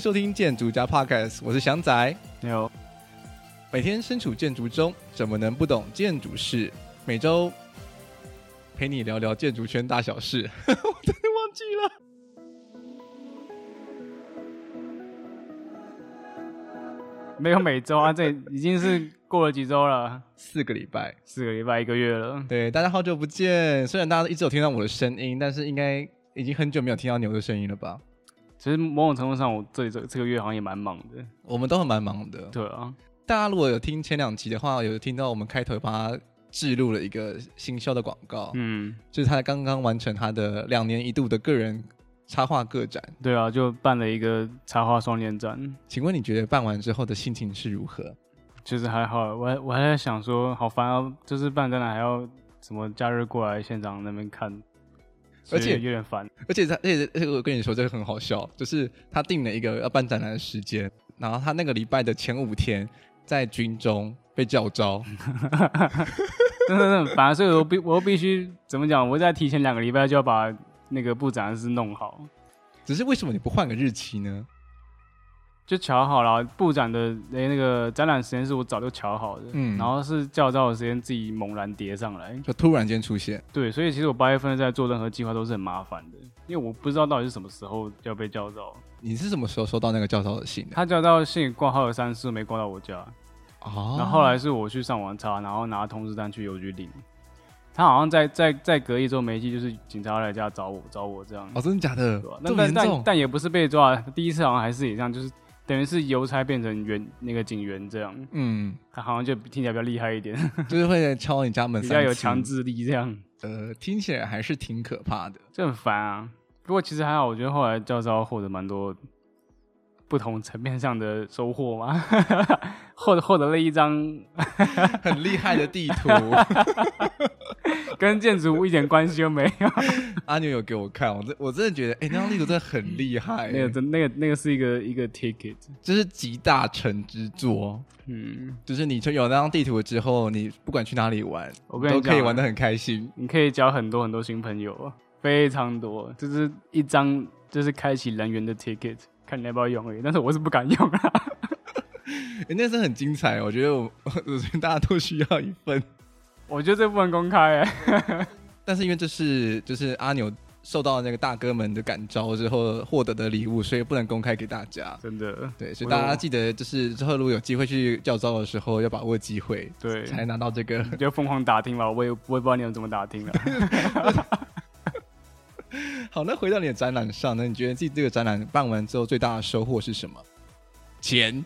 收聽建築+ Podcast，我是翔仔。你好，每天身處建築中，怎麼能不懂建築事？每周陪你聊聊建築圈大小事。 我真的忘記了，沒有每周啊， 這已經是過了幾周了，四個禮拜，四個禮拜，一個月了。對，大家好久不見。雖然大家一直有聽到我的聲音，但是應該已經很久沒有聽到牛的聲音了吧？其實某種程度上，我這這這個月好像也蠻忙的。我們都很蠻忙的。對啊，大家如果有聽前兩集的話，有聽到我們開頭把它置入了一個新銷的廣告。嗯，就是他剛剛完成他的兩年一度的個人插畫個展。對啊，就辦了一個插畫雙年展。請問你覺得辦完之後的心情是如何？其實還好，我還我還在想說，好煩哦、啊，就是辦展覽還要怎麼假日過來現場那邊看。而且有點煩，而且他，而且而且我跟你說，這個很好笑，就是他定了一個要辦展覽的時間，然後他那個禮拜的前五天在軍中被教召，真的很煩，所以我必我必須怎麼講，我在提前兩個禮拜就要把那個布展是弄好，只是為什麼你不換個日期呢？就喬好了、啊，布展的、欸、那個展覽時間是我早就喬好的，嗯，然後是教召的時間自己猛然疊上來，就突然間出現。對，所以其實我八月份在做任何計劃都是很麻煩的，因為我不知道到底是什麼時候要被教召。你是什麼時候收到那個教召的信呢？他教召的信掛號有三次，沒掛到我家。哦，然後後來是我去上網查，然後拿通知單去郵局領。他好像在在在隔一周沒去，就是警察來家找我找我這樣。哦，真的假的？那但但，但也不是被抓，第一次好像還是也這樣，就是。.等於是郵差變成員，那個警員這樣，嗯、啊，好像就聽起來比較厲害一點，就是會敲你家門三，比較有強制力這樣，呃，聽起來還是挺可怕的，就很煩啊。不過其實還好，我覺得後來教召獲得蠻多。不同層面上的收穫嗎？獲 獲得，得了一張很厲害的地圖， 跟建築物一點關係都沒有， 啊。阿牛有給我看，我真我真的覺得，哎、欸，那張地圖真的很厲害，欸 沒有。那個那個那個是一個一個 ticket，就是集大成之作。嗯，就是你有那張地圖之後，你不管去哪裡玩，我跟你講、啊、都可以玩得很開心。你可以交很多很多新朋友，非常多。就是一張就是開啟人緣的 ticket。看你要不要用而已，it，但是我是不敢用啊。欸、那是很精彩，我覺得我，我覺得大家都需要一份，我覺得這不能公開欸。但是因為這是就是阿牛受到那個大哥們的感召之後獲得的禮物，所以不能公開給大家。真的，對，所以大家記得，就是之後如果有機會去教召的時候，要把握機會，對，才拿到這個。就瘋狂打聽吧，我也我也不知道你們怎麼打聽的。 好，那回到你的展覽上，那你覺得自己這個展覽辦完之後最大的收穫是什麼？錢？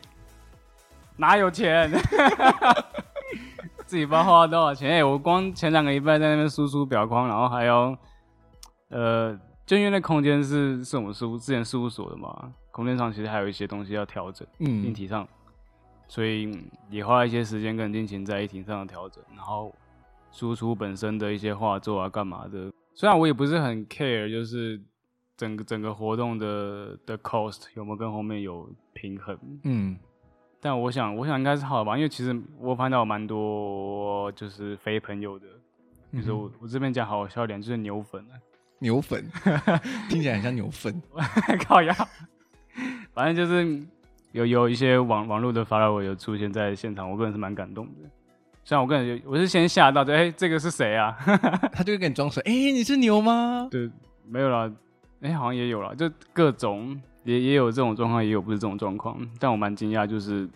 哪有錢？ 自己不知道花了多少錢？欸、我光前兩個禮拜在那邊輸出裱框，然後還要呃，正因為那空間是是我們事務之前事務所的嘛，空間上其實還有一些東西要調整，嗯，議題上，所以你花了一些時間跟金錢在議題上的調整，然後輸出本身的一些畫作啊，幹嘛的。雖然我也不是很 care，就是整個整個活動的的 cost 有沒有跟後面有平衡，嗯，但我想我想應該是好吧，因為其實我看到蠻多就是非朋友的，嗯、哼就是我我這邊講好笑點，就是牛粉、啊，牛粉 聽起來很像牛糞烤鴨， 靠鴨 反正就是有有一些網網絡的發 o 我有出現在現場，我個人是蠻感動的。像我個人就我是先嚇到，的，哎，這個是誰啊？ 他就會跟你裝水，哎、欸，你是牛嗎？對，沒有啦，哎、欸，好像也有啦，就各種也也有這種狀況，也有不是這種狀況。但我蠻驚訝，就是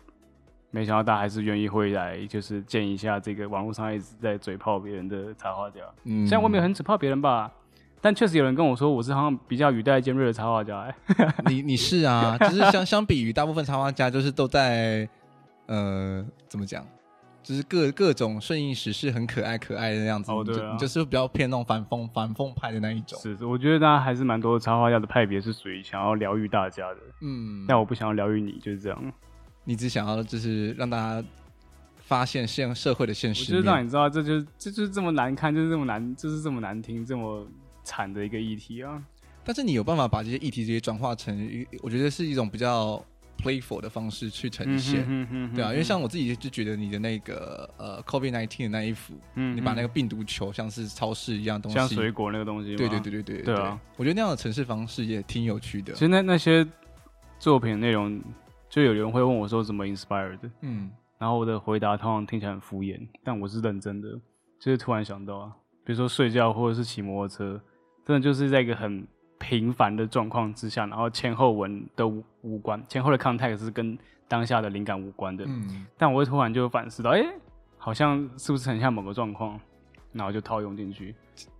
沒想到大家還是願意會來，就是見一下這個網絡上一直在嘴炮別人的插畫家。嗯，雖然我沒有很嘴炮別人吧，但確實有人跟我說我是好像比較語帶尖銳的插畫家、欸。 你你是啊，就是 相相比於大部分插畫家，就是都在呃怎麼講？就是各各種順應時事，很可愛可愛的那樣子，哦、對啊，你就是比較偏那種反諷反諷派的那一種。是是，我覺得大家還是蠻多插畫家的派別是屬於想要療癒大家的。嗯，但我不想要療癒你，就是這樣。你只想要就是讓大家發現現社會的現實，我知道，你知道這就是、這就是這麼難看，就是這麼難，就是這麼難聽，這麼慘的一個議題啊。但是你有辦法把這些議題直接轉化成，我覺得是一種比較。Playful 的方式去呈現，對啊，因為像我自己就覺得你的那個呃，COVID 19的那一幅，嗯、哼你把那個病毒球像是超市一樣東西，像水果那個東西，對對對對對，對啊對，我覺得那樣的呈現方式也挺有趣的。其實那那些作品內容，就有人會問我說怎麼 inspired，嗯，然後我的回答通常聽起來很敷衍，但我是認真的，就是突然想到啊，比如說睡覺或者是騎摩托車，真的就是在一個很。平凡的狀況之下，然後前後文都無、無關，前後的 context 是跟當下的靈感無關的。嗯，但我會突然就反思到，哎、欸，好像是不是很像某個狀況？然後就套用進去。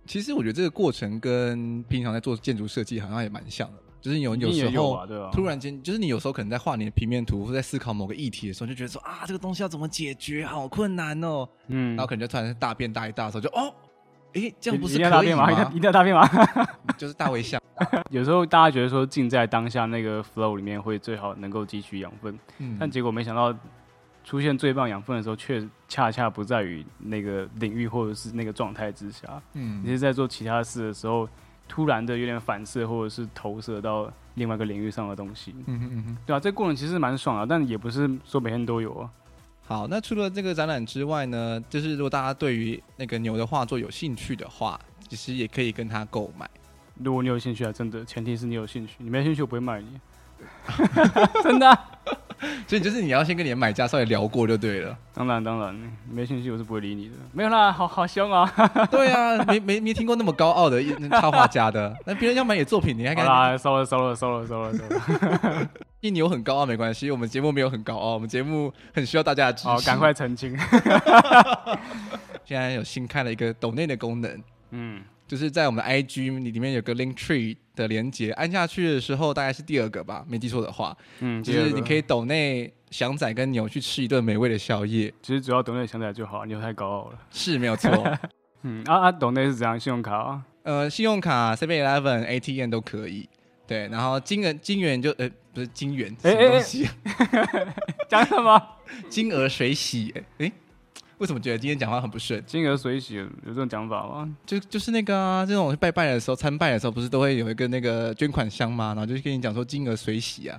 其實我覺得這個過程跟平常在做建築設計好像也蠻像的，就是你有你有時候有、啊啊、突然間，就是你有時候可能在畫你的平面圖或在思考某個議題的時候，就覺得說啊，這個東西要怎麼解決，好困難哦。嗯，然後可能就突然大便大一大的時候就，就哦。哎、欸，這樣不是要大便嗎？一定要大便嗎？一定要大便嗎？就是大微笑。 有時候大家覺得說，盡在當下那個 flow 裡面會最好，能夠汲取養分。嗯。但結果沒想到，出現最棒養分的時候，卻恰恰不在於那個領域或者是那個狀態之下。嗯。你是在做其他事的時候，突然的有點反射，或者是投射到另外一個領域上的東西。嗯哼嗯哼。對啊，這個過程其實蠻爽啊，但也不是說每天都有啊。好，那除了這個展覽之外呢，就是如果大家對於那個牛的畫作有興趣的話，其實也可以跟他購買。如果你有興趣，啊，真的，前提是你有興趣，你沒興趣我不會賣你，對 真的啊。 所以就是你要先跟你的買家稍微聊過就對了。當然當然，沒信息我是不會理你的。沒有啦，好好兇啊！ 對啊，沒沒沒聽過那麼高傲的插畫家的。那別人要買你的作品，你還敢？來，收了收了收了收了收了。 一牛很高傲沒關係，我們節目沒有很高傲，我們節目很需要大家的支持。好、哦，趕快澄清， 現在有新開了一個抖內的功能。嗯。就是在我們的 IG 裡面有個 Link Tree 的連接，按下去的時候大概是第二個吧，沒記錯的話，嗯，就是你可以斗內翔仔跟牛去吃一頓美味的宵夜。其實主要斗內翔仔就好，牛太高傲了，是沒有錯。 嗯，啊，阿斗內是怎樣信用卡，哦？呃，信用卡 Seven Eleven ATM 都可以。對，然後金額金元就呃不是金元欸欸欸什麼東西，啊，講 什麼金額水洗，欸？欸為什麼覺得今天講話很不順？金額隨喜有，有這種講法嗎？就就是那個啊，這種拜拜的時候、參拜的時候，不是都會有一個那個捐款箱嗎？然後就是跟你講說金額隨喜啊。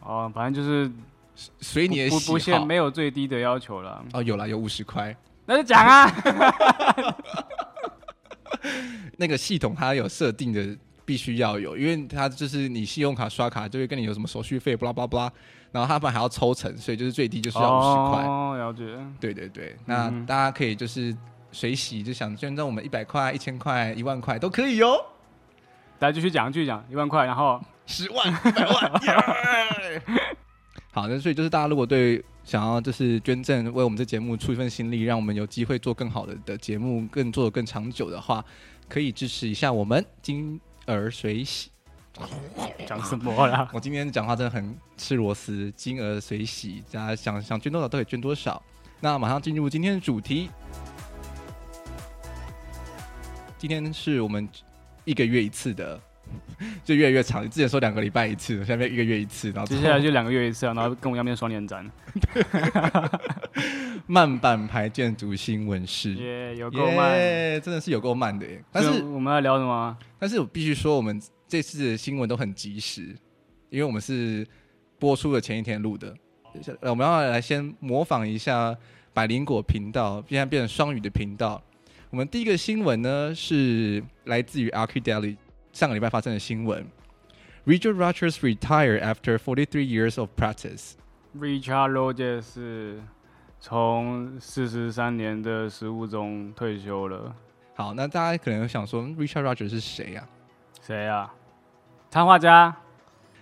哦，反正就是隨隨不你的喜好不限，不沒有最低的要求了。哦，有啦，有五十塊，那就講啊。 那個系統它有設定的，必須要有，因為它就是你信用卡刷卡就會跟你有什麼手續費，不拉不拉不拉。然後他反正還要抽成，所以就是最低就是要五十塊。哦，oh, 了解。對對對，嗯、哼那大家可以就是隨喜，就想捐贈我們一百塊、一千塊、一萬塊，塊都可以喲、哦。大家繼續講，繼續講，一萬塊，然後十萬、百萬。好的，所以就是大家如果對想要就是捐贈為我們這節目出一份心力，讓我們有機會做更好的的節目，更做的更長久的話，可以支持一下我們金額隨喜。講什麼啦 我今天講話真的很吃螺絲，金額隨喜大家想想捐多少都可以捐多少。那馬上進入今天的主題。今天是我們一個月一次的，就越來越長。之前說兩個禮拜一次，現在一個月一次，然後接下來就兩個月一次啊，然後跟我一樣變雙年展。 慢半拍建築新聞室，yeah, 有夠慢，yeah, 真的是有夠慢的耶。但是我們要聊什麼？但是我必須說我們。這次的新聞都很及時，因為我們是播出的前一天錄的。我們要來先模仿一下百靈果頻道，現在變成雙語的頻道。我們第一個新聞呢是來自於 ArchDaily 上個禮拜發生的新聞。Richard Rogers retired after forty-three years of practice. Richard Rogers 從四十三年的實務中退休了。好，那大家可能想說 Richard Rogers 是誰呀、啊？誰呀、啊？插畫家，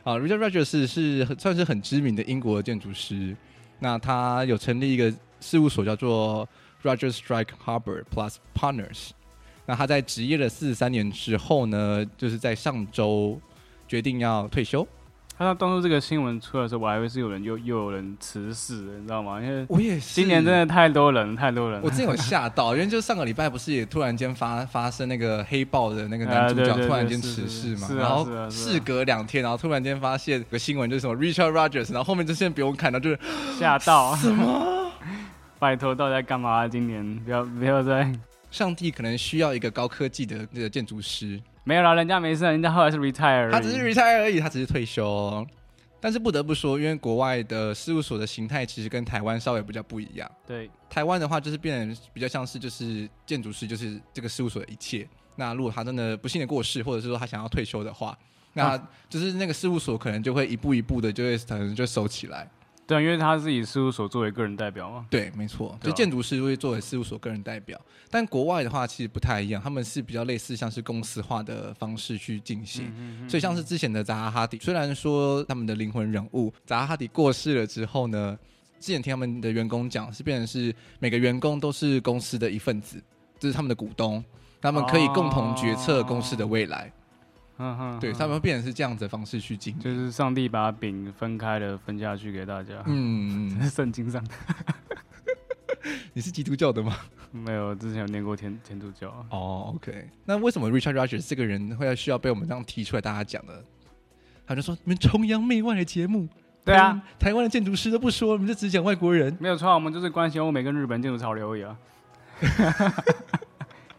啊、uh,，Richard Rogers 是算是很知名的英國的建築師。那他有成立一個事務所，叫做 Rogers s t i k e h a r b o r Plus Partners。那他在職業了四十三年之後呢，就是在上周決定要退休。他當初這個新聞出來的時候，我還以為是有人又又有人辭世，你知道嗎？因為我也是，今年真的太多人，太多人我。我真有嚇到，因為就上個禮拜不是也突然間發發生那個黑豹的那個男主角突然間辭世嘛，然後事隔兩天，然後突然間發現個新聞，就是什麼 Richard Rogers，然後後面就先在不用看到，就是嚇到，什麼？ 拜托，到底在幹嘛、啊？今年不要不要在、嗯，上帝可能需要一個高科技的那個建築師。沒有啦，人家沒事，人家後來是 retire，他只是 retire 而已，他只是退休。但是不得不說，因為國外的事務所的形態其實跟台灣稍微比較不一樣。對，台灣的話就是變比較像是就是建築師，就是這個事務所的一切。那如果他真的不幸的過世，或者是說他想要退休的話，那就是那個事務所可能就會一步一步的就會可能就收起來。對，因為他是以事務所作為個人代表嘛。對，沒錯。所以、啊、建築師會作為事務所個人代表，但國外的話其實不太一樣，他們是比較類似像是公司化的方式去進行。嗯、哼哼。所以像是之前的扎哈哈迪，雖然說他們的靈魂人物扎哈迪過世了之後呢，之前聽他們的員工講，是變成是每個員工都是公司的一份子，就是他們的股東，他們可以共同決策公司的未來。哦嗯哼， 對他們 會變成是這樣子的方式去經營，就是上帝把餅分開的分下去給大家。嗯，聖 聖經上 ，你是基督教的嗎？沒有，之前有念過天天主教哦、啊 oh,，OK，那為什麼 Richard Rogers 這個人會要需要被我們這樣提出來大家講的？他就說你們崇洋媚外的節目。對啊，台灣的建築師都不說，你們就只講外國人。沒有錯，我們就是關心歐美跟日本建築潮流而已啊。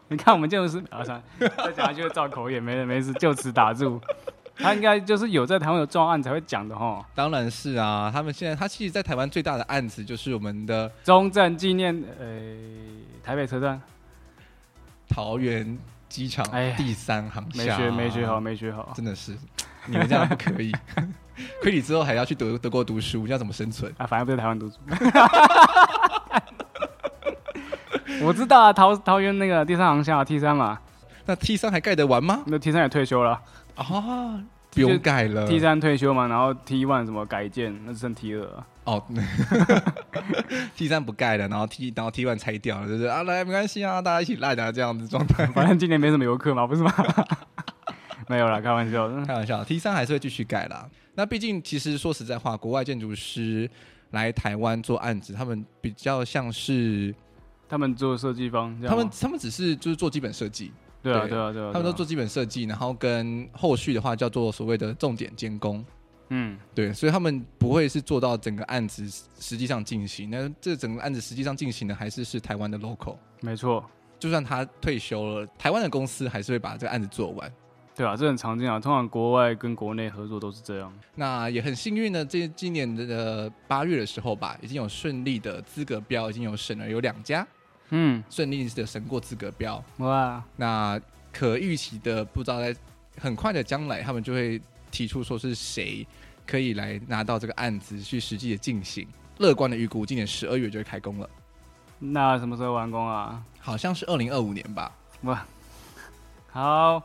你看，我們就是啊，再講下去就會造口業，沒 沒事，就此打住。他應該就是有在台灣有重案才會講的齁。當然是啊，他們現在他其實，在台灣最大的案子就是我們的中正紀念呃、欸、台北車站、桃園機場第三航廈、哎，沒學沒學好，沒學好，真的是你們這樣還不可以。虧 你之後還要去德德國讀書，你要怎麼生存？啊，反正不在台灣讀書。 我知道啊，桃桃園那個第三航廈 T 三嘛，那 T 三還蓋得完嗎？那 T 三也退休了啊，不用蓋了。T 三退休嘛，然後 T one 什麼改建，那只剩 T 二了哦。 T 三不蓋了，然後 T 然後 T one 拆掉了，就是啊，來沒關係啊，大家一起賴的、啊、這樣子狀態，反正今年沒什麼遊客嘛，不是嗎？ 沒有啦，開玩笑的，開玩笑。T 三還是會繼續蓋啦，那畢竟其實說實在話，國外建築師來台灣做案子，他們比較像是。他們做設計方，他們他們只是就是做基本設計、啊，對啊對啊對啊，對啊他們都做基本設計，啊啊、然後跟後續的話叫做所謂的重點監工，嗯，對，所以他們不會是做到整個案子實際上進行，那這整個案子實際上進行的還是是台灣的 local，沒錯，就算他退休了，台灣的公司還是會把這個案子做完，對啊，這很常見啊，通常國外跟國內合作都是這樣，那也很幸運呢，這今年的八月的時候吧，已經有順利的資格標已經有審了有兩家。嗯，順利的審過資格標哇，那可預期的不知道在很快的將來，他們就會提出說是誰可以來拿到這個案子去實際的進行。樂觀的預估，今年十二月就會開工了。那什麼時候完工啊？好像是二零二五年吧。哇，好，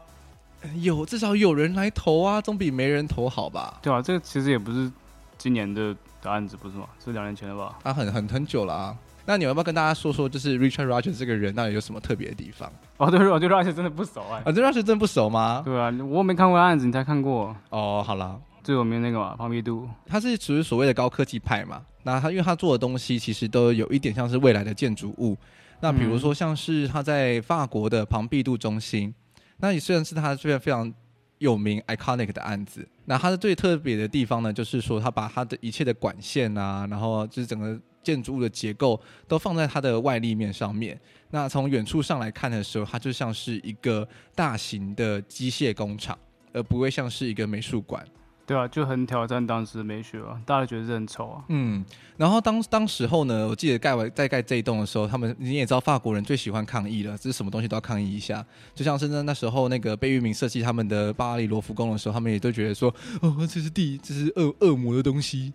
有至少有人來投啊，總比沒人投好吧？對啊，這個其實也不是今年的的案子，不是嗎？是兩年前的吧？啊，很很很久了啊。那你要不要跟大家說說，就是 Richard Rogers 這個人到底有什麼特別的地方？哦，對，我對 Rogers 真的不熟、欸、啊！啊，Rogers 真的不熟嗎？對啊，我沒看過案子，你才看過。哦，好了，最有名的那個嘛，龐畢度，他是屬於所謂的高科技派嘛。那他因為他做的東西其實都有一點像是未來的建築物。那比如說像是他在法國的龐畢度中心，嗯、那你雖然是他非常非常有名 iconic 的案子。那他的最特別的地方呢，就是說他把他的一切的管線啊，然後就是整個。建築物的結構都放在它的外立面上面。那從遠處上來看的時候，它就像是一個大型的機械工廠，而不會像是一個美術館。對啊，就很挑戰當時的美學啊，大家覺得這很醜啊。嗯，然後當當時候呢，我記得蓋完再蓋這一棟的時候，他們你也知道，法國人最喜歡抗議了，這是什麼東西都要抗議一下。就像深圳那時候那個貝聿銘設計他們的巴黎羅浮宮的時候，他們也都覺得說，哦，這是地，這是惡惡魔的東西。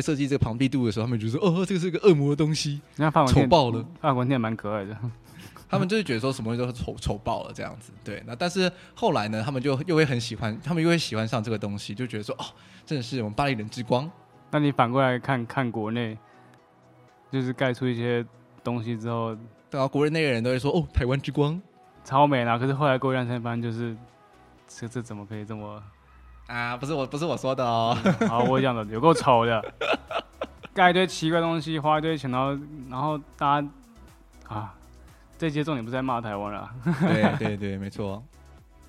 在設計這個龐畢度的時候，他們就說：“哦，這個是一個惡魔的東西，醜爆了。”法國店蠻可愛的， 他們就是覺得說什麼東西都醜醜爆了這樣子。對，那但是後來呢，他們就又會很喜歡，他們又會喜歡上這個東西，就覺得說：“哦，真的是我們巴黎人之光。”那你反過來看看，看國內，就是蓋出一些東西之後，然後國內的人都會說：“哦，臺灣之光，超美啊！”可是後來過一段時間，現在發現就是這這怎麼可以這麼？啊，不是我，不是我說的哦、嗯。好，我講的有夠醜的，蓋 一堆奇怪東西，花一堆錢，然後，然後大家啊，這節重點不是在罵台灣了，啊對。對對對，沒錯。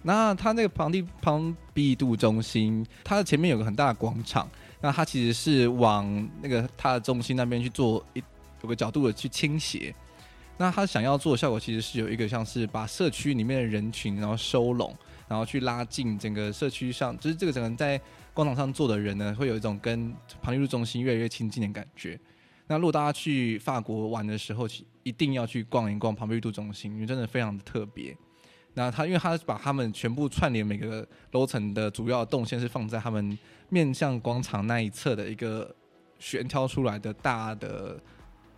那他那個龐地龐畢度中心，它的前面有個很大的廣場，那它其實是往那個它的中心那邊去做一有個角度的去傾斜，那他想要做的效果其實是有一個像是把社區裡面的人群然後收攏。然後去拉近整個社區上，就是這個整個在廣場上坐的人呢，會有一種跟龐畢度中心越來越親近的感覺。那如果大家去法國玩的時候，一定要去逛一逛龐畢度中心，因為真的非常的特別。那他因為他是把他們全部串聯，每個樓層的主要的動線是放在他們面向廣場那一側的一個懸挑出來的大的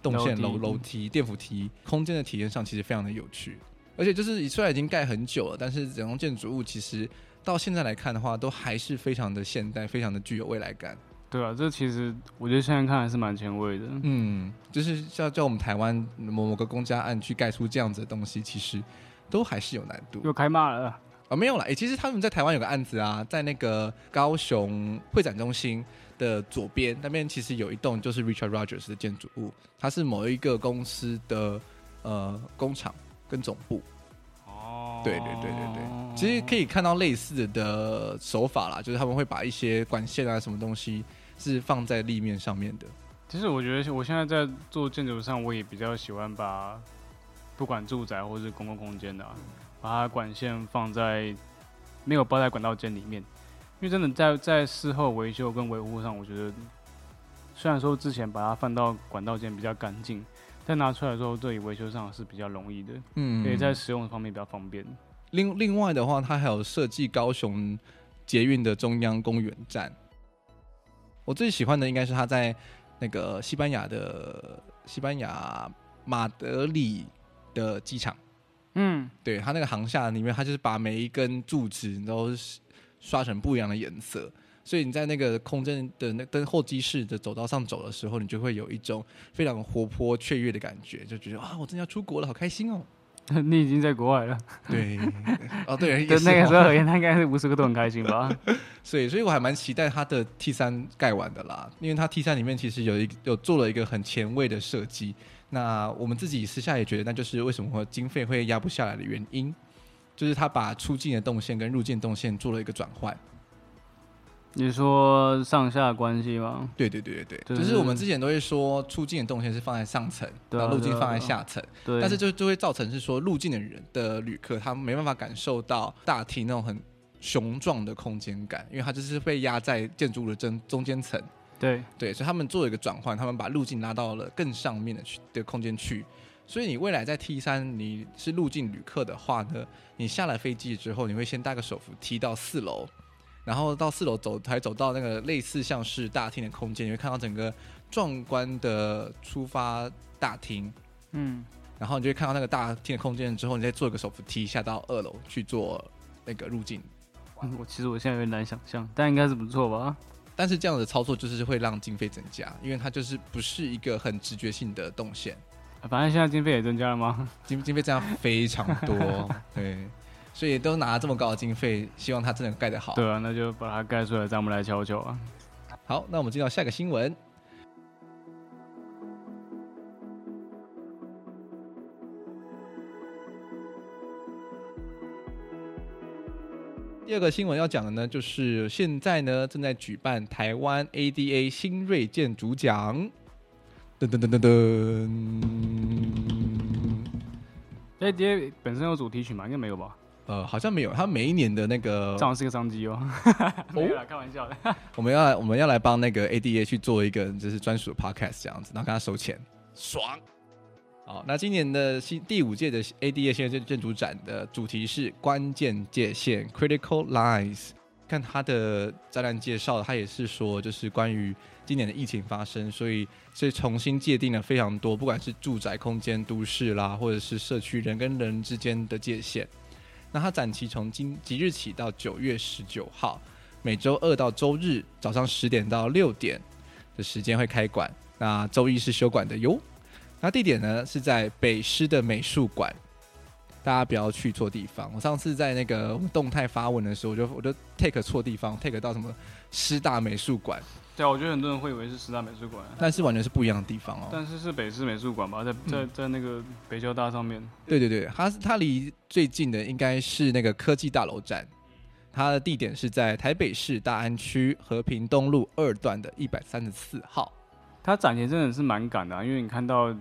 動線樓 No D. 樓梯、電扶梯空間的體驗上，其實非常的有趣。而且就是，雖然已經蓋很久了，但是整棟建築物其實到現在來看的話，都還是非常的現代，非常的具有未來感。對啊，這其實我覺得現在看還是蠻前衛的。嗯，就是像叫我們台灣某某個公家案去蓋出這樣子的東西，其實都還是有難度。又開罵了啊？沒有啦。哎、欸，其實他們在台灣有個案子啊，在那個高雄會展中心的左邊那邊，其實有一棟就是 Richard Rogers 的建築物，它是某一個公司的呃工廠。跟總部，哦，對對對對對，其實可以看到類似的手法啦，就是他們會把一些管線啊什麼東西是放在立面上面的。其實我覺得我現在在做建築上，我也比較喜歡把不管住宅或者是公共空間的，啊，把它管線放在沒有包在管道間裡面，因為真的在在事後維修跟維護上，我覺得雖然說之前把它放到管道間比較乾淨。在拿出來之後，對於維修上是比較容易的，嗯，也在使用的方面比較方便。另另外的話，它還有設計高雄捷運的中央公園站。我最喜歡的應該是他在那個西班牙的西班牙馬德里的機場，嗯，對他那個行下裡面，他就是把每一根柱子都刷成不一樣的顏色。所以你在那個空間的那登候機室的走道上走的時候，你就會有一種非常活潑雀躍的感覺，就覺得啊，我真的要出國了，好開心哦、喔！你已經在國外了，對，哦對，跟 是那個時候而言，哇他應該是五十個都很開心吧。 所以，所以我還蠻期待他的 T 三蓋完的啦，因為他 T 三裡面其實有一有做了一個很前衛的設計。那我們自己私下也覺得，那就是為什麼經費會壓不下來的原因，就是他把出境的動線跟入境動線做了一個轉換。你說上下關係嗎？對對對對對，就是、就是我們之前都會說出境的動線是放在上層，然後入境放在下層，對啊對啊、對，但是就就會造成是說入境的人的旅客他沒辦法感受到大廳那種很雄壯的空間感，因為他就是被壓在建築物的中中間層。對對，所以他們做了一個轉換，他們把路徑拉到了更上面的去的空間去。所以你未來在 T 三你是入境旅客的話呢，你下了飛機之後，你會先搭個手扶梯到四樓。然後到四樓走，才走到那個類似像是大廳的空間，你會看到整個壯觀的出發大廳。嗯，然後你就會看到那個大廳的空間之後，你再坐一個手扶梯下到二樓去做那個入境。嗯，我其實我現在有點難想象，但應該是不錯吧？但是這樣的操作就是會讓經費增加，因為它就是不是一個很直覺性的動線。啊，反正現在經費也增加了嗎？經經費增加非常多， 對。所以都拿這麼高的經費，希望他真的蓋得好。對啊，那就把它蓋出來，讓我們來瞧瞧啊。好，那我們進到下一個新聞。第二個新聞要講的呢，就是現在呢正在舉辦台灣 ADA 新銳建築獎。噔噔噔噔噔。ADA 本身有主題曲嗎？應該沒有吧？呃，好像沒有。他每一年的那個，這好像是個商機哦。沒有了，開玩笑的。我們要來，我們要來幫那個 ADA 去做一個，就是專屬 Podcast 這樣子，然後跟他收錢，爽。好，那今年的新第五屆的 ADA 新銳建築獎展的主題是關鍵界線 （Critical Lines）。看他的展覽介紹，他也是說，就是關於今年的疫情發生，所以所以重新界定了非常多，不管是住宅空間、都市啦，或者是社區人跟人之間的界限。那它展期從今即日起到九月十九號，每周二到周日早上十點到六點的時間會開館，那周一是休館的喲。那地點呢是在北師的美術館，大家不要去錯地方。我上次在那個動態發文的時候我，我就我就 take 錯地方 take 到什麼師大美術館。對，我覺得很多人會以為是十大美術館，啊，但是完全是不一樣的地方哦。但是是北師美術館吧，在在在那個北教大上面。嗯、對對對，它它離最近的應該是那個科技大樓站，它的地點是在台北市大安區和平東路二段的一百三十四號。它展前真的是蠻趕的，啊，因為你看到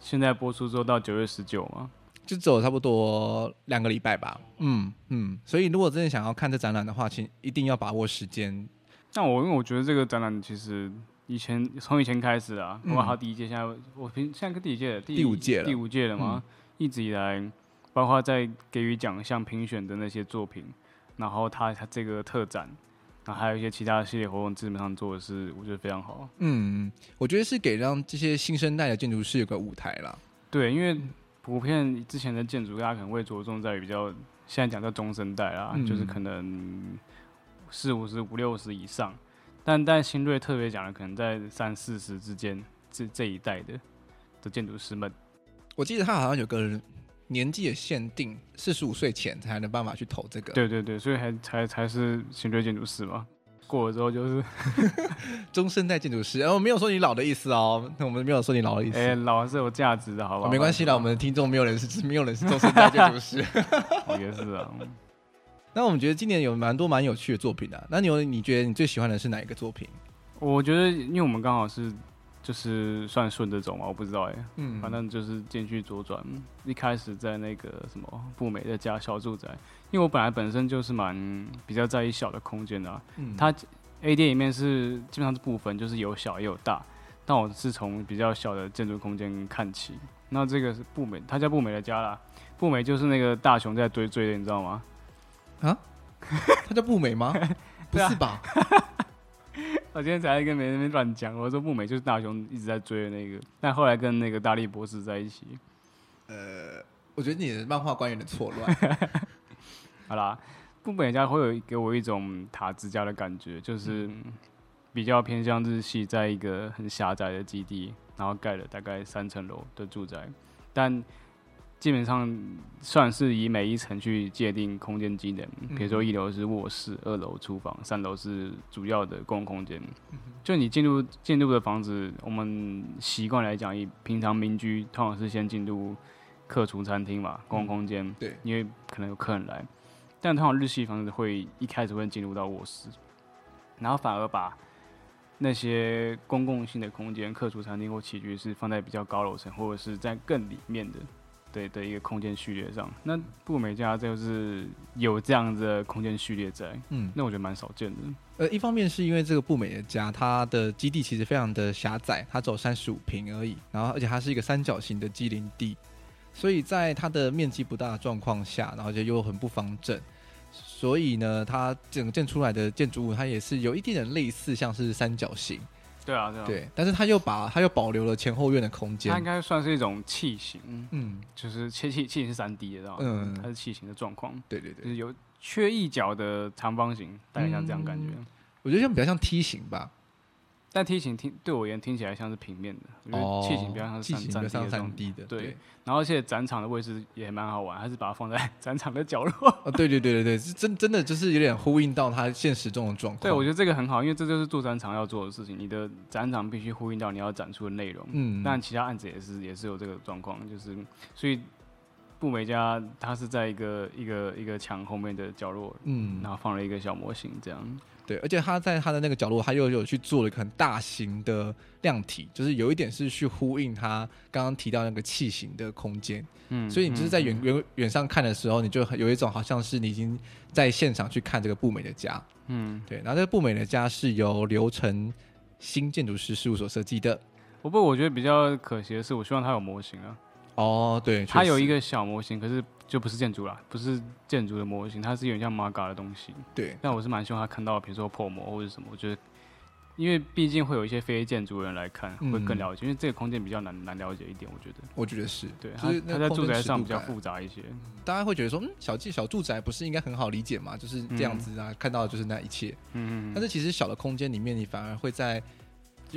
現在播出之後到九月十九嘛，就走了差不多兩個禮拜吧。嗯嗯，所以如果真的想要看這展覽的話，請一定要把握時間。那我因為我覺得這個展覽其實以前從以前開始啊，包括他第一屆，現在我平現在跟第一屆、第五屆、第五屆的嘛，嗯、一直以來，包括在給予獎項評選的那些作品，然後他他這個特展，然後還有一些其他系列活動，基本上做的是我覺得非常好。嗯，我覺得是給讓這些新生代的建築師有個舞台啦。對，因為普遍之前的建築，大家可能會着重在於比較，現在講叫中生代啊，嗯、就是可能。四五十、五六十以上，但但新銳特別講的可能在三四十之間，這這一代的的建築師們，我記得他好像有個年紀的限定，四十五歲前才能辦法去投這個。對對對，所以還才才是新銳建築師嘛。過了之後就是中生 代建築師，然、哦、後沒有說你老的意思哦。我們沒有說你老的意思，欸、老還是有價值的好，好吧？哦、沒關係啦，好好我們的聽眾沒有人是沒有人是中生代建築師，也是啊。那我們覺得今年有蠻多蠻有趣的作品的、啊。那你有你覺得你最喜歡的是哪一個作品？我覺得，因為我們剛好是就是算順着走嘛，我不知道哎、欸。嗯，反正就是進去左轉，一開始在那個什麼布美的家小住宅，因為我本來本身就是蠻比較在意小的空間的、啊。嗯，它 ADA 裡面是基本上是部分就是有小也有大，但我是從比較小的建築空間看起。那這個是布美，他叫布美的家啦，布美就是那個大熊在堆堆的，你知道嗎？啊，他叫步美嗎？ 不是吧！ 我今天才在跟別人亂講，我說步美就是大雄一直在追的那個，但後來跟那個大力博士在一起。呃，我覺得你的漫畫觀有點錯亂。 好啦，步美家會有給我一種塔之家的感覺，就是比較偏向日系，在一個很狹窄的基地，然後蓋了大概三層樓的住宅，但。基本上算是以每一層去界定空間機能，比如說一樓是臥室，二樓廚房，三樓是主要的公共空間。就你進入建築的房子，我們習慣來講，以平常民居通常是先進入客廚餐廳嘛，公共空間，嗯，對，因為可能有客人來。但通常日系房子會一開始會進入到臥室，然後反而把那些公共性的空間，客廚餐廳或起居室放在比較高樓層，或者是在更裡面的。對的一個空間序列上，那布美家就是有這樣的空間序列在，嗯，那我覺得蠻少見的。呃，一方面是因為這個布美的家，它的基地其實非常的狹窄，它只有三十五坪而已，然後而且它是一個三角形的畸零地，所以在它的面積不大的狀況下，然後就又很不方正，所以呢，它整建出來的建築物，它也是有一點點類似像是三角形。對啊，對啊，對，但是他又把，他又保留了前後院的空間。它應該算是一種器形，嗯，就是器器器形是三 D 的，知道嗎？嗯，它是器形的狀況。對對對，就是有缺一角的長方形，大概像這樣感覺。嗯，我覺得像比較像梯形吧。但梯形聽對我而言聽起來像是平面的。哦、因為器形比較像是三三 D 的。對，對然後而且展場的位置也還蠻好玩，還是把它放在展場的角落。啊、哦，對對對對對， 真的真的就是有點呼應到他現實中的狀況。對，我覺得這個很好，因為這就是做展場要做的事情，你的展場必須呼應到你要展出的內容。嗯，但其他案子也是也是有這個狀況，就是所以布美家他是在一個一個一個牆後面的角落，嗯，然後放了一個小模型這樣。嗯對，而且他在他的那個角落，他又有去做了一個很大型的量體，就是有一點是去呼應他剛剛提到那個器型的空間。嗯，所以你就是在遠遠遠上看的時候，你就有一種好像是你已經在現場去看這個布美的家。嗯，對，然後這個布美的家是由劉成新建築師事務所設計的。不過我覺得比較可惜的是，我希望它有模型啊。哦，對，它有一個小模型，可是。就不是建築啦，不是建築的模型，它是有點像瑪咖的東西。對，但我是蠻希望他看到，比如說剖模或者什麼。我覺得，因為畢竟會有一些非建築人來看，嗯、會更了解，因為這個空間比較難難了解一點。我覺得，我覺得是，對，是對，它他在住宅上比較複雜一些。大家會覺得說，嗯、小技小住宅不是應該很好理解嗎？就是這樣子啊，嗯、看到的就是那一切。嗯。但是其實小的空間裡面，你反而會在。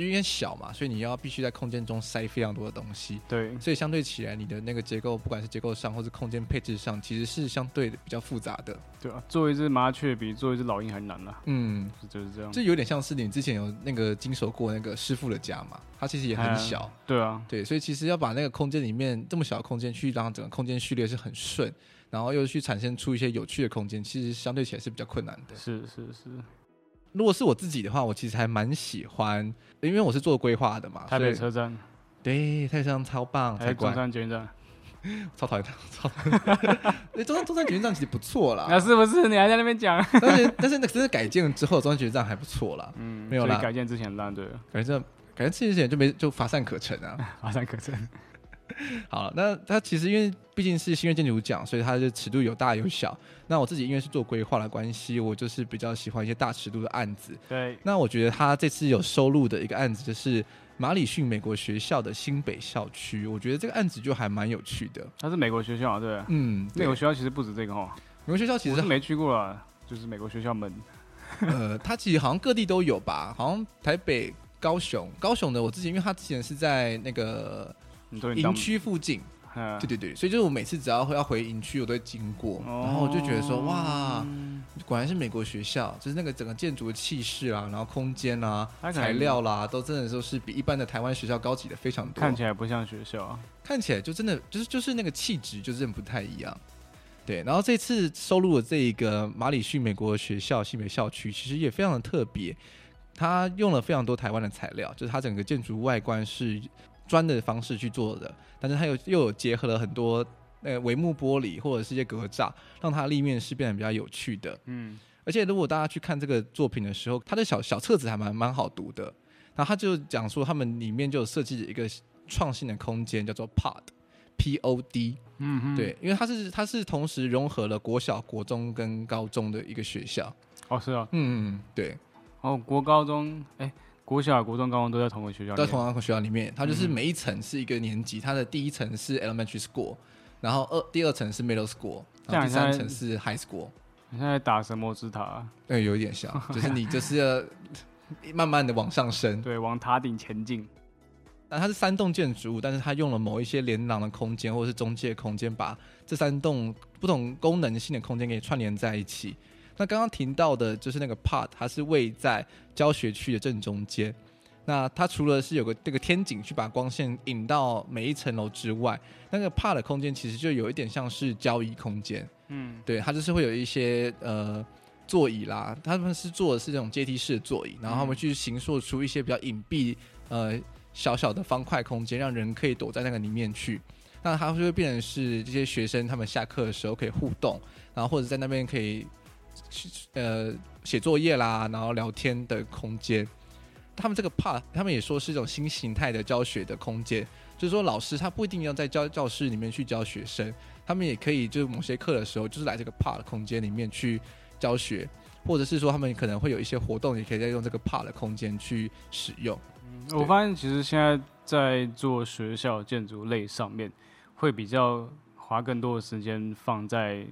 因為有點小嘛，所以你要必須在空間中塞非常多的東西。對，所以相對起來，你的那個結構，不管是結構上，或是空間配置上，其實是相對比較複雜的。對啊，做一只麻雀比做一只老鷹還難呢。嗯，就是這樣。這有點像是你之前有那個經手過那個師傅的家嘛，它其實也很小。啊對啊，對，所以其實要把那個空間裡面這麼小的空間去讓整個空間序列是很順，然後又去產生出一些有趣的空間，其實相對起來是比較困難的。是是是。是是如果是我自己的話，我其實還蠻喜歡，因為我是做規劃的嘛。台北車站，對，台北車站超棒，還中山捷站，超討厭他，超討厭。 中山中山捷站其實不錯啦，啊， 是不是？你還在那邊講？ 但是但是，那真改建之後，中山捷站還不錯啦。嗯，沒有啦，改建之前爛，對。改建之前就沒就乏善可陳啊， 乏善可陳。 好，那他其實因為畢竟是新銳建築獎，所以他的尺度有大有小。那我自己因為是做規劃的關係，我就是比較喜歡一些大尺度的案子。對，那我覺得他這次有收錄的一個案子就是馬里遜美國學校的新北校區，我覺得這個案子就還蠻有趣的。他是美國學校、啊對，嗯、對，嗯，美國學校其實不止這個哈，美國學校其實是沒去過了、啊、就是美國學校門， 呃，他其實好像各地都有吧，好像台北、高雄、高雄的我之前，我自己因為他之前是在那個。你你營區附近，呵對對對，所以就是我每次只要要回營區，我都會經過，哦、然後我就覺得說，哇，果然是美國學校，就是那個整個建築的氣勢啊，然後空間啊、可材料啦、啊，都真的都是，是比一般的台灣學校高級的非常多。看起來不像學校、啊，看起來就真的就是就是那個氣質就真的不太一樣。對，然後這次收錄的這一個馬里遜美國學校西美校區，其實也非常的特別，它用了非常多台灣的材料，就是它整個建築外觀是。磚的方式去做的，但是它又又有結合了很多呃、那個、帷幕玻璃或者是一些格柵，讓它立面是變得比較有趣的。嗯，而且如果大家去看這個作品的時候，它的小小冊子還蠻蠻好讀的。那他就講說，他們裡面就設計了一個創新的空間，叫做 Pod，P O D 嗯哼。嗯對，因為它是它是同時融合了國小、國中跟高中的一個學校。哦，是啊。嗯嗯，對。哦，國高中，哎、欸。國小、國中、高中都在同一個學校，在同一個學校裡面，它就是每一層是一個年級，它、嗯、的第一層是 elementary school，然後二第二層是 middle school，第三層是 high school。你現在，在打什麼之塔、啊？對，有一點像，就是你就是要慢慢的往上升， 對，往塔頂前進。那它是三棟建築物，但是它用了某一些連廊的空間或者是中介空間，把這三棟不同功能性的空間給串聯在一起。那剛剛提到的就是那個 part，它是位在教學區的正中間。那它除了是有個這、那個天井去把光線引到每一層樓之外，那個 part 的空間其實就有一點像是交誼空間。嗯，對，它就是會有一些呃座椅啦，他們是坐的是這種階梯式的座椅，然後他們去形塑出一些比較隱蔽呃小小的方塊空間，讓人可以躲在那個裡面去。那它就會變成是這些學生他們下課的時候可以互動，然後或者在那邊可以。呃，寫作業啦，然後聊天的空間。他們這個 p a 他們也說是一種新形態的教學的空間。就是說，老師他不一定要在教教室裡面去教學生，他們也可以就是某些課的時候，就是來這個 p a 的空間裡面去教學，或者是說他們可能會有一些活動，也可以再用這個 p a 的空間去使用。我發現其實現在在做學校建築類上面，會比較花更多的時間放在。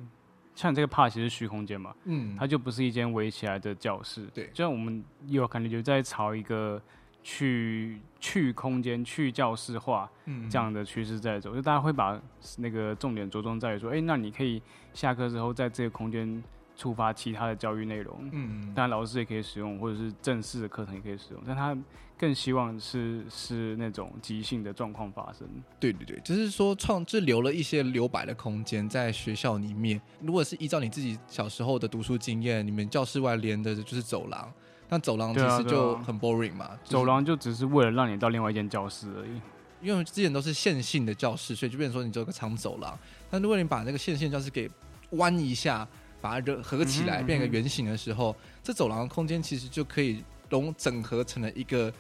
像這個帕其實是虛空間嘛，嗯，它就不是一間圍起來的教室，對，就像我們有感覺就在朝一個去去空間去教室化這樣的趨勢在走，嗯，就大家會把那個重點着重在於說，哎、欸，那你可以下課之後在這個空間。觸發其他的教育內容，嗯，但老師也可以使用，或者是正式的課程也可以使用，但他更希望是是那種即興的狀況發生。對對對，就是說創只留了一些留白的空間在學校裡面。如果是依照你自己小時候的讀書經驗，你們教室外連的就是走廊，那走廊其實就很 boring 嘛，走廊就只是為了讓你到另外一間教室而已。因為之前都是線性的教室，所以就變成說你只有個長走廊。但如果你把那個線性教室給彎一下。把它合起來變一個圓形的時候，嗯哼嗯哼，這走廊的空間其實就可以融整合成了一個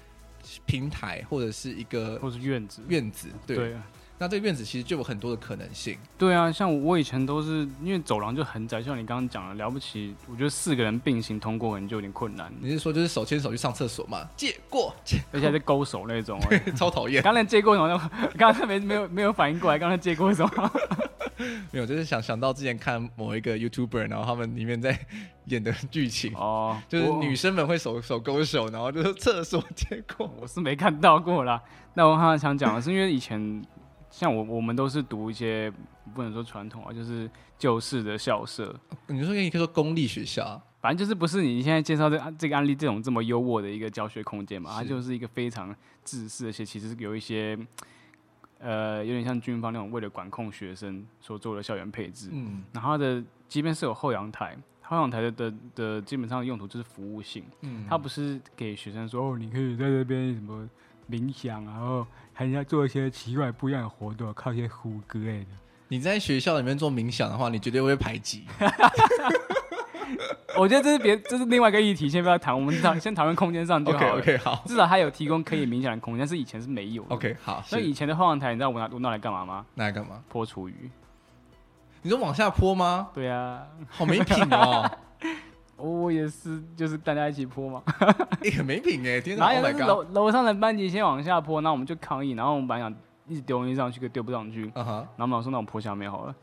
平台，或者是一個，或是院子。院子對。對啊，那這個院子其實就有很多的可能性。對啊，像我以前都是因為走廊就很窄，就像你剛剛講的，了不起，我覺得四個人並行通過可能就有點困難。你是說就是手牽手去上廁所嗎？借過，借過而且還是勾手那種，超討厭。剛 才借過什麼？剛 才沒沒有沒有反應過來，剛才借過什麼？ 沒有，就是想想到之前看某一個 YouTuber，然後他們裡面在演的劇情哦，就是女生們會手我手勾手，然後就說是廁所，結果我是沒看到過啦。那我剛剛想講的是，因為以前像我 我們都是讀一些不能說傳統啊，就是舊式的校舍。啊、你說可以說公立學校，反正就是不是你現在介紹這個案這個案例這種這麼優渥的一個教學空間嘛？是它就是一個非常自私的一些，而且其實有一些。呃，有點像軍方那種為了管控學生所做的校園配置，嗯，然後他的即便是有後陽台，後陽台的的的基本上用途就是服務性，嗯，他不是給學生說哦，你可以在這邊什麼冥想，然後還人家做一些奇怪不一樣的活動，靠一些胡歌的。你在學校裡面做冥想的話，你絕對會被排擠。 我覺得這是別，這是另外一個議題，先不要談，我們先討論空間上就好了。OK，好，至少它有提供可以明顯的空間，但是以前是沒有的。OK，好。所以以前的換陽台，你知道我拿我拿來幹嘛嗎？拿來幹嘛？潑廚餘。你說往下潑嗎？對啊。好沒品哦， 哦。我也是，就是大家一起潑嗎、 欸？哎沒品哎、欸！班長樓樓上的班級先往下潑，然後我們就抗議，然後我們班長一直丟東西上去，可丟不上去。Uh huh、然後我們老師那種潑下面好了。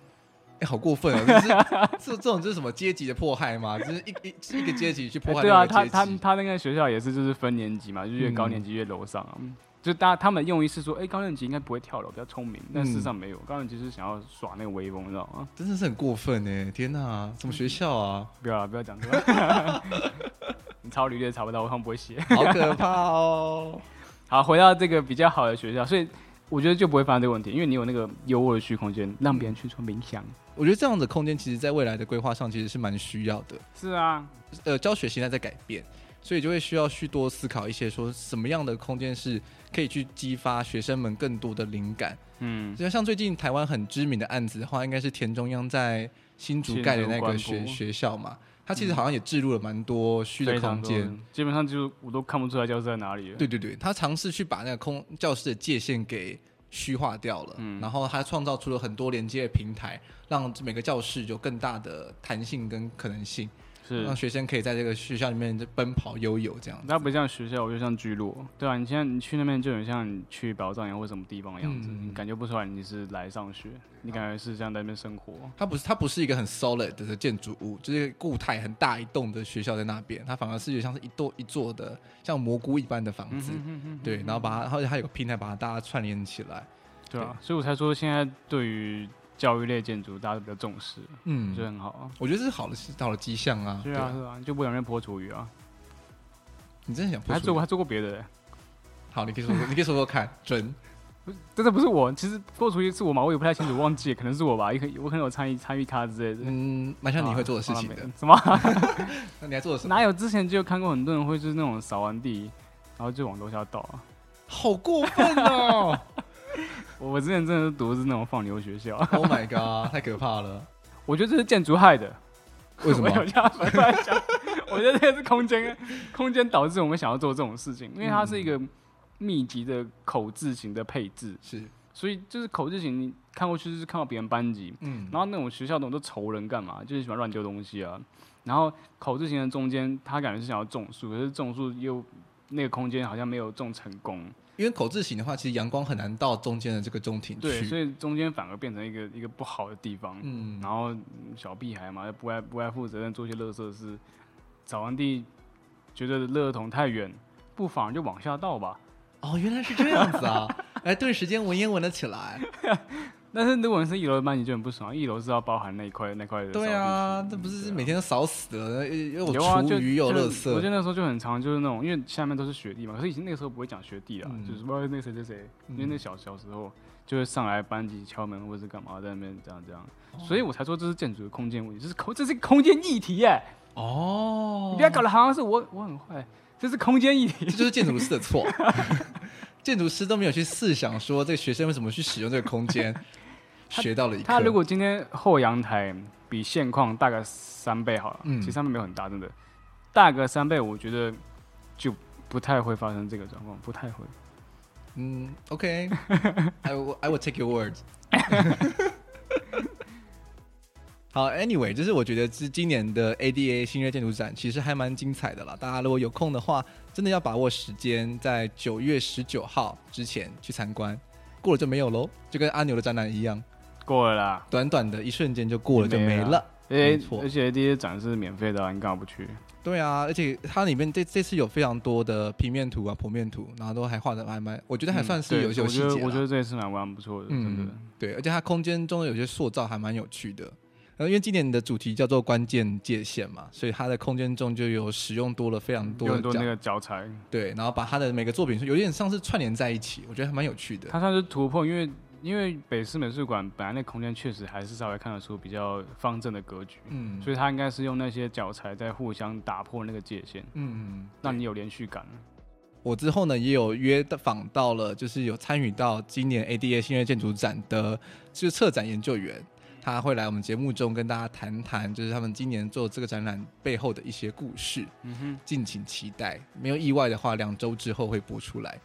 哎、欸，好過分啊、喔！就是這 這種，就是什麼階級的迫害嗎？就是一一、就是、一個階級去迫害另一個階級、欸。對啊，他他他那個學校也是，就是分年級嘛，就是越高年級越樓上、啊。嗯、就大家他們用意是說，哎、欸，高年級應該不會跳樓，比較聰明。但事實上沒有，嗯、高年級是想要耍那個威風，你知道嗎？真的是很過分哎、欸！天哪，什麼學校啊？嗯、不要不要講。要 你抄履歷查不到，我看不會寫。好可怕哦！ 好，回到這個比較好的學校，所以。我覺得就不會發生這個問題，因為你有那個優渥的虛空間，讓別人去做冥想。我覺得這樣的空間，其實在未來的規劃上，其實是蠻需要的。是啊，呃，教學現在在改變，所以就會需要去多思考一些，說什麼樣的空間是可以去激發學生們更多的靈感。嗯，就像最近台灣很知名的案子的話，應該是田中央在新竹蓋的那個學學校嘛。他其實好像也置入了蠻多虛的空間，基本上就我都看不出來教室在哪裡。對對對，他嘗試去把那個空教室的界限給虛化掉了，然後他創造出了很多連接的平台，讓每個教室有更大的彈性跟可能性。是讓學生可以在這個學校裡面就奔跑悠遊這樣子，它不像學校，我就像聚落。對啊，你現在你去那邊就很像你去寶藏巖，或者什麼地方的樣子，嗯、你感覺不出來你是來上學，你感覺是這樣在那邊生活，啊。它不是，它不是一個很 solid 的建築物，就是個固態很大一棟的學校在那邊，它反而是像是一座一座的像蘑菇一般的房子，對，然後把它，好像它有個平台把它大家串聯起來。對啊，對所以我才說現在對於。教育類建築大家都比較重視，嗯，就很好啊。我覺得這是好的，是好的跡象啊。對啊，是啊，就不想被潑廚餘啊。你真的想潑廚餘？還做過，還做過別的。好，你可以說，你可以說說看，準。這是不是我？其實潑廚餘是我嘛？我也不太清楚，忘記可能是我吧。也我可能有參與參與他之類的。嗯，蠻像你會做的事情的。什麼？那你還做的事？哪有？之前就看過很多人會就是那種掃完地，然後就往樓下倒，好過分哦。我之前真的是讀的是那種放牛學校，Oh my god， 太可怕了！我覺得這是建築害的，為什麼？我在想，我覺得這個是空間， 空間導致我們想要做這種事情，因為它是一個密集的口字型的配置，是、嗯，所以就是口字型，你看過去就是看到別人班級，嗯，然後那種學校那種都仇人幹嘛，就是喜歡亂丟東西啊，然後口字型的中間，他感覺是想要種樹，可是種樹又那個空間好像沒有種成功。因為口字形的話，其實陽光很難到中間的這個中庭去，對，所以中間反而變成一個一個不好的地方。嗯，然後小屁孩嘛，不愛不愛負責任，做些樂色事，掃完地覺得垃圾桶太遠，不妨就往下倒吧。哦，原來是這樣子啊！ 哎，頓時間聞煙聞得起來。 但是如果你是一樓的班級就很不爽。啊，一樓是要包含那一塊那塊的對。啊嗯。對啊，這不是每天都掃死的？因為、啊、我覺得那時候就很長，就是那種因為下面都是學弟嘛，可是以前那個時候不會講學弟啊，嗯、就是包括那誰誰誰，嗯、因為那小小時候就是上來班級敲門或者是幹嘛在那邊這樣這樣，哦、所以我才說這是建築的空間問題，就是空這是空間議題哎、欸，哦，你不要搞得好像是我我很壞，這是空間議題，這就是建築師的錯， 建築師都沒有去試想說這個學生為什麼去使用這個空間。他學到了一點。他如果今天後陽台比現況大個三倍好了，嗯，其實上面沒有很大，真的大個三倍，我覺得就不太會發生這個狀況，不太會。嗯，OK，I、okay. I will take your words。好，Anyway，就是我覺得是今年的 ADA 新銳建築展其實還蠻精彩的啦，大家如果有空的話，真的要把握時間，在九月十九號之前去參觀，過了就沒有嘍，就跟阿牛的展覽一樣。過了啦，短短的一瞬間就過了，就沒了。哎了，了而且這些錯展是免費的、啊，你幹嘛不去？對啊，而且它裡面這這次有非常多的平面圖啊、剖面圖，然後都還畫的還蠻，我覺得還算是有一些細節、嗯。我覺得這次蠻蠻不錯的，的嗯，對，而且它空間中有些塑造還蠻有趣的。後、呃、因為今年的主題叫做關鍵界線嘛，所以它的空間中就有使用多了非常多的教材。多那個對，然後把他的每個作品是有點像是串聯在一起，我覺得還蠻有趣的。它算是突破，因為。因為北師美術館本來那空間確實還是稍微看得出比較方正的格局，嗯，所以它應該是用那些角材在互相打破那個界限，嗯，那你有連續感。我之後呢也有約訪到了，就是有參與到今年 ADA 新銳建築展的，就是策展研究員，他會來我們節目中跟大家談談，就是他們今年做這個展覽背後的一些故事，嗯哼，敬請期待。沒有意外的話，兩周之後會播出來。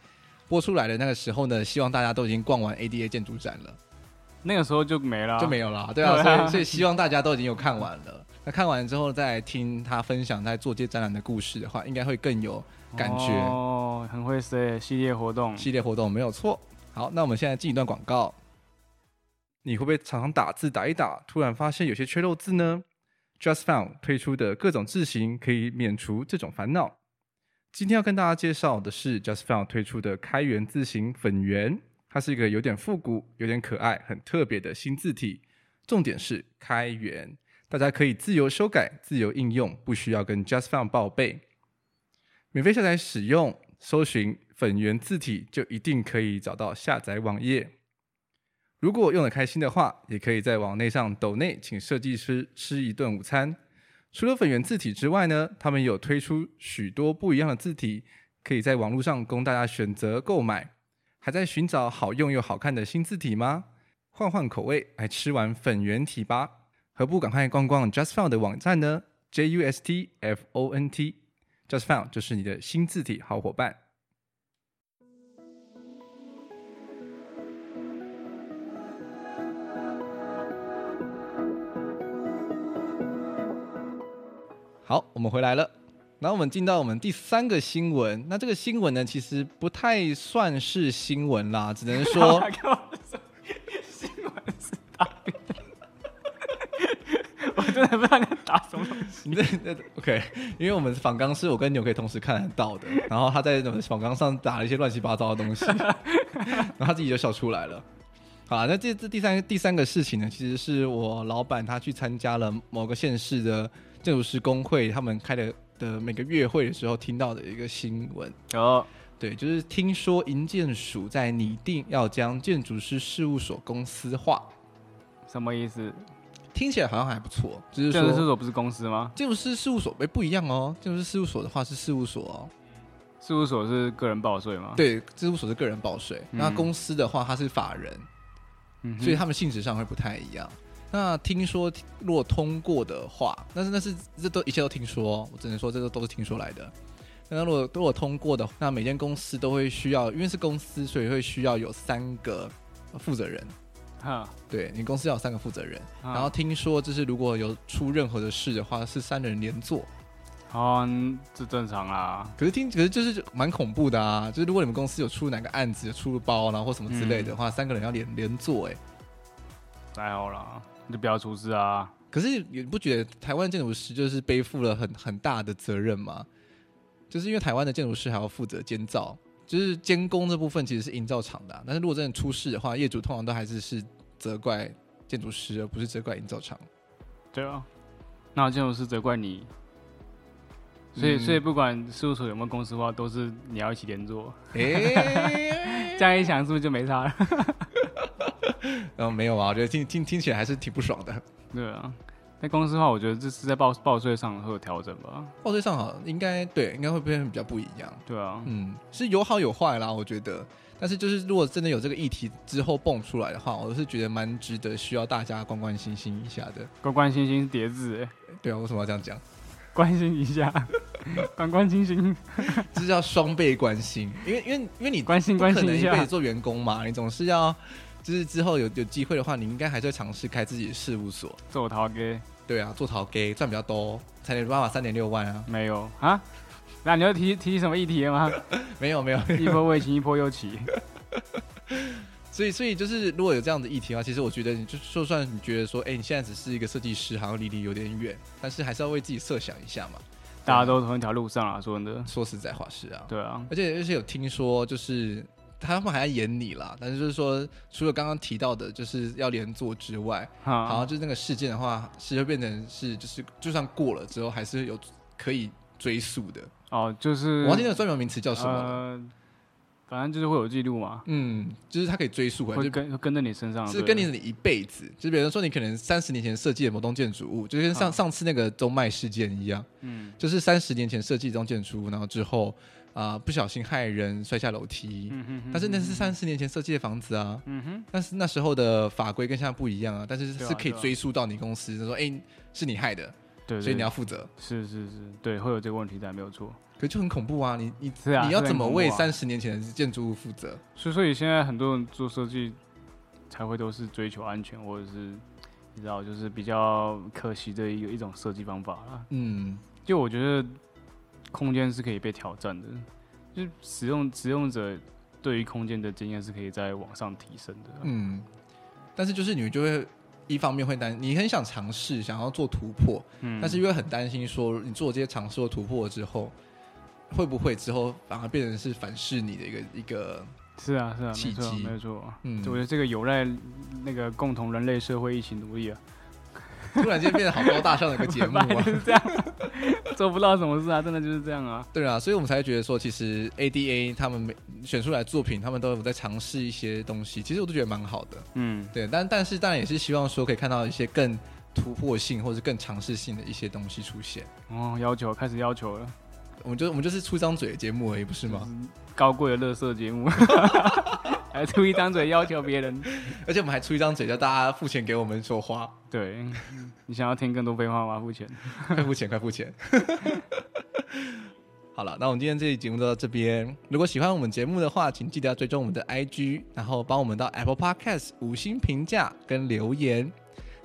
播出來的那個時候呢，希望大家都已經逛完 ADA 建築展了。那個時候就沒了，就沒有了，對啊。所以，所以希望大家都已經有看完了。 那看完之後再聽他分享他在做這些展覽的故事的話，應該會更有感覺哦。很會設系列活動，系列活動沒有錯。好，那我們現在進一段廣告。你會不會常常打字打一打，突然發現有些缺漏字呢？Just Found 推出的各種字型可以免除這種煩惱。今天要跟大家介紹的是 JustFound 推出的開源字形“粉圓”，它是一個有點復古、有點可愛、很特別的新字體。重點是開源，大家可以自由修改、自由應用，不需要跟 JustFound 報備。免費下載使用，搜尋“粉圓”字體就一定可以找到下載網頁。如果用的開心的話，也可以在網內上抖內請設計師吃，吃一頓午餐。除了粉圓字體之外呢，他們有推出許多不一樣的字體，可以在網絡上供大家選擇購買。還在尋找好用又好看的新字體嗎？換換口味來吃碗粉圓體吧！何不趕快逛逛 JustFont 的網站呢？J U S T F O N T，JustFont 就是你的新字體好夥伴。好，我們回來了。然後我們進到我們第三個新聞。那這個新聞呢，其實不太算是新聞啦，只能說。我真的不知道你打什麼東西。OK，因為我們是訪綱，是我跟牛可以同時看得到的。然後他在那個訪綱上打了一些亂七八糟的東西， 然後他自己就笑出來了。好，那這、這第三第三個事情呢，其實是我老板他去參加了某個縣市的。建築師工會他們開的的每個月會的時候聽到的一個新聞哦，對，就是聽說營建署在擬定要將建築師事務所公司化，什麼意思？聽起來好像還不錯。就是說建築師事務所不是公司嗎？建築師事務所也、欸、不一樣哦。建築師事務所的話是事務所、哦、事務所是個人報稅嗎？對，事務所是個人報稅。那、嗯、公司的話，它是法人，嗯哼，所以他們性質上會不太一樣。那聽說如果通過的話，但是那是，那是這都一切都聽說，我只能說這都都是聽說來的。那如果如果通過的話，那每間公司都會需要，因為是公司，所以會需要有三個負責人哈，呵對你公司要有三個負責人，呵然後聽說就是如果有出任何的事的話，是三人連坐啊，這正常啦。可是聽可是就是蠻恐怖的啊，就是如果你們公司有出哪個案子、出了包然後或什麼之類的話，嗯、三個人要連連坐哎、欸，太好了。就不要出事啊！可是你不覺得台灣建築師就是背負了很很大的責任嗎？就是因為台灣的建築師還要負責監造，就是監工這部分其實是營造廠的、啊。但是如果真的出事的話，業主通常都還是是責怪建築師，而不是責怪營造廠。對啊、哦，那我建築師責怪你，所以、嗯、所以不管事務所有沒有公司化，都是你要一起連坐。哎、欸， 這樣一想是不是就沒差了？ 然後、嗯、沒有啊，我覺得聽聽聽起來還是挺不爽的。對啊，那公司的話，我覺得這是在報報稅上會有調整吧？報稅上啊，應該對，應該會變得比較不一樣。對啊，嗯，是有好有壞啦。我覺得，但是就是如果真的有這個議題之後蹦出來的話，我是覺得蠻值得需要大家關關心心一下的。關關心心疊字，對啊，為什麼要這樣講？關心一下，關關心心， 這叫雙倍關心。因為因為因為你關心關心一下，一做員工嘛，你總是要。就是之後有有機會的話，你應該還是會嘗試開自己的事務所做頭家。對啊，做頭家賺比較多，才兩萬嘛，三點六萬啊。沒有啊？那你要提提什麼議題嗎？ 沒？沒有沒有，一波未平一波又起。 所以所以就是如果有這樣的議題的話，其實我覺得你就就算你覺得說，哎、欸，你現在只是一個設計師，好像離你有點遠，但是還是要為自己設想一下嘛。但大家都同一條路上啊，說真的，說實在話，是啊，對啊。而且而且有聽說就是。他們還要演你啦，但是就是說，除了剛剛提到的，就是要連坐之外，啊、好像就是那個事件的話，是會變成是，就是就算過了之後，還是有可以追溯的。哦，就是我忘記的專有名詞叫什麼、呃？反正就是會有記錄嘛。嗯，就是它可以追溯，會跟跟在你身上，就是跟你的一輩子。對就比如說，你可能三十年前設計的某棟建築物，就跟像上、啊、上次那個中脈事件一樣，嗯，就是三十年前設計一棟建築物，然後之後。啊、呃！不小心害人摔下樓梯，但是那是三十年前設計的房子啊。嗯哼，但是那時候的法規跟現在不一樣啊。但是是可以追溯到你公司，他說、欸、哎，是你害的，對，對，對，所以你要負責。是是是，對，會有這個問題但還沒有錯，可就很恐怖啊！你你、啊、你要怎麼為三十年前的建築物負責？所以所以現在很多人做設計才會都是追求安全，或者是你知道，就是比較可惜的一個一種設計方法。嗯，就我覺得。空間是可以被挑戰的，就使用使用者對於空間的經驗是可以再往上提升的啊。嗯，但是就是你就會一方面會擔心，你很想嘗試，想要做突破，嗯，但是又會很擔心說，你做這些嘗試和突破之後，會不會之後反而變成是反噬你的一個一個是啊？是啊，是啊，氣氯沒錯啊，沒錯啊，嗯，我覺得這個有賴那個共同人類社會一起努力啊。突然間變得好高大上的一個節目啊， 是這樣、啊， 做不到什麼事啊，真的就是這樣啊。對啊，所以我們才會覺得說，其實 ADA 他們每選出來的作品，他們都有在嘗試一些東西，其實我都覺得蠻好的。嗯，對，但但是當然也是希望說，可以看到一些更突破性或者更嘗試性的一些東西出現。嗯、哦，要求開始要求了，我們就我們就是出張嘴的節目而已，不是嗎？高貴的樂色節目。 還出一張嘴要求別人， 而且我們還出一張嘴叫大家付錢給我們說話。對， 你想要聽更多廢話嗎？付錢， 快付錢，快付錢！ 好了，那我們今天這集節目就到這邊。如果喜歡我們節目的話，請記得要追蹤我們的 IG，然後幫我們到 Apple Podcast 五星評價跟留言。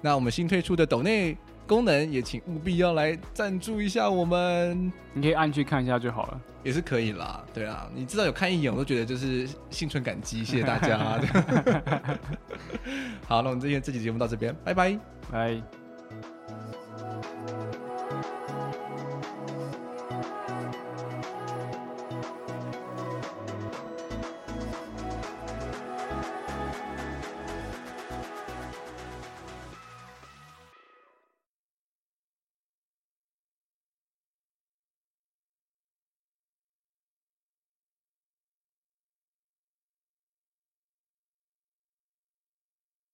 那我們新推出的抖內。功能也請務必要來贊助一下我們，你可以按去看一下就好了，也是可以啦。對啊，你至少有看一眼，我都覺得就是心存感激， 謝謝大家。 好，那我們今天這期節目到這邊，拜拜，拜。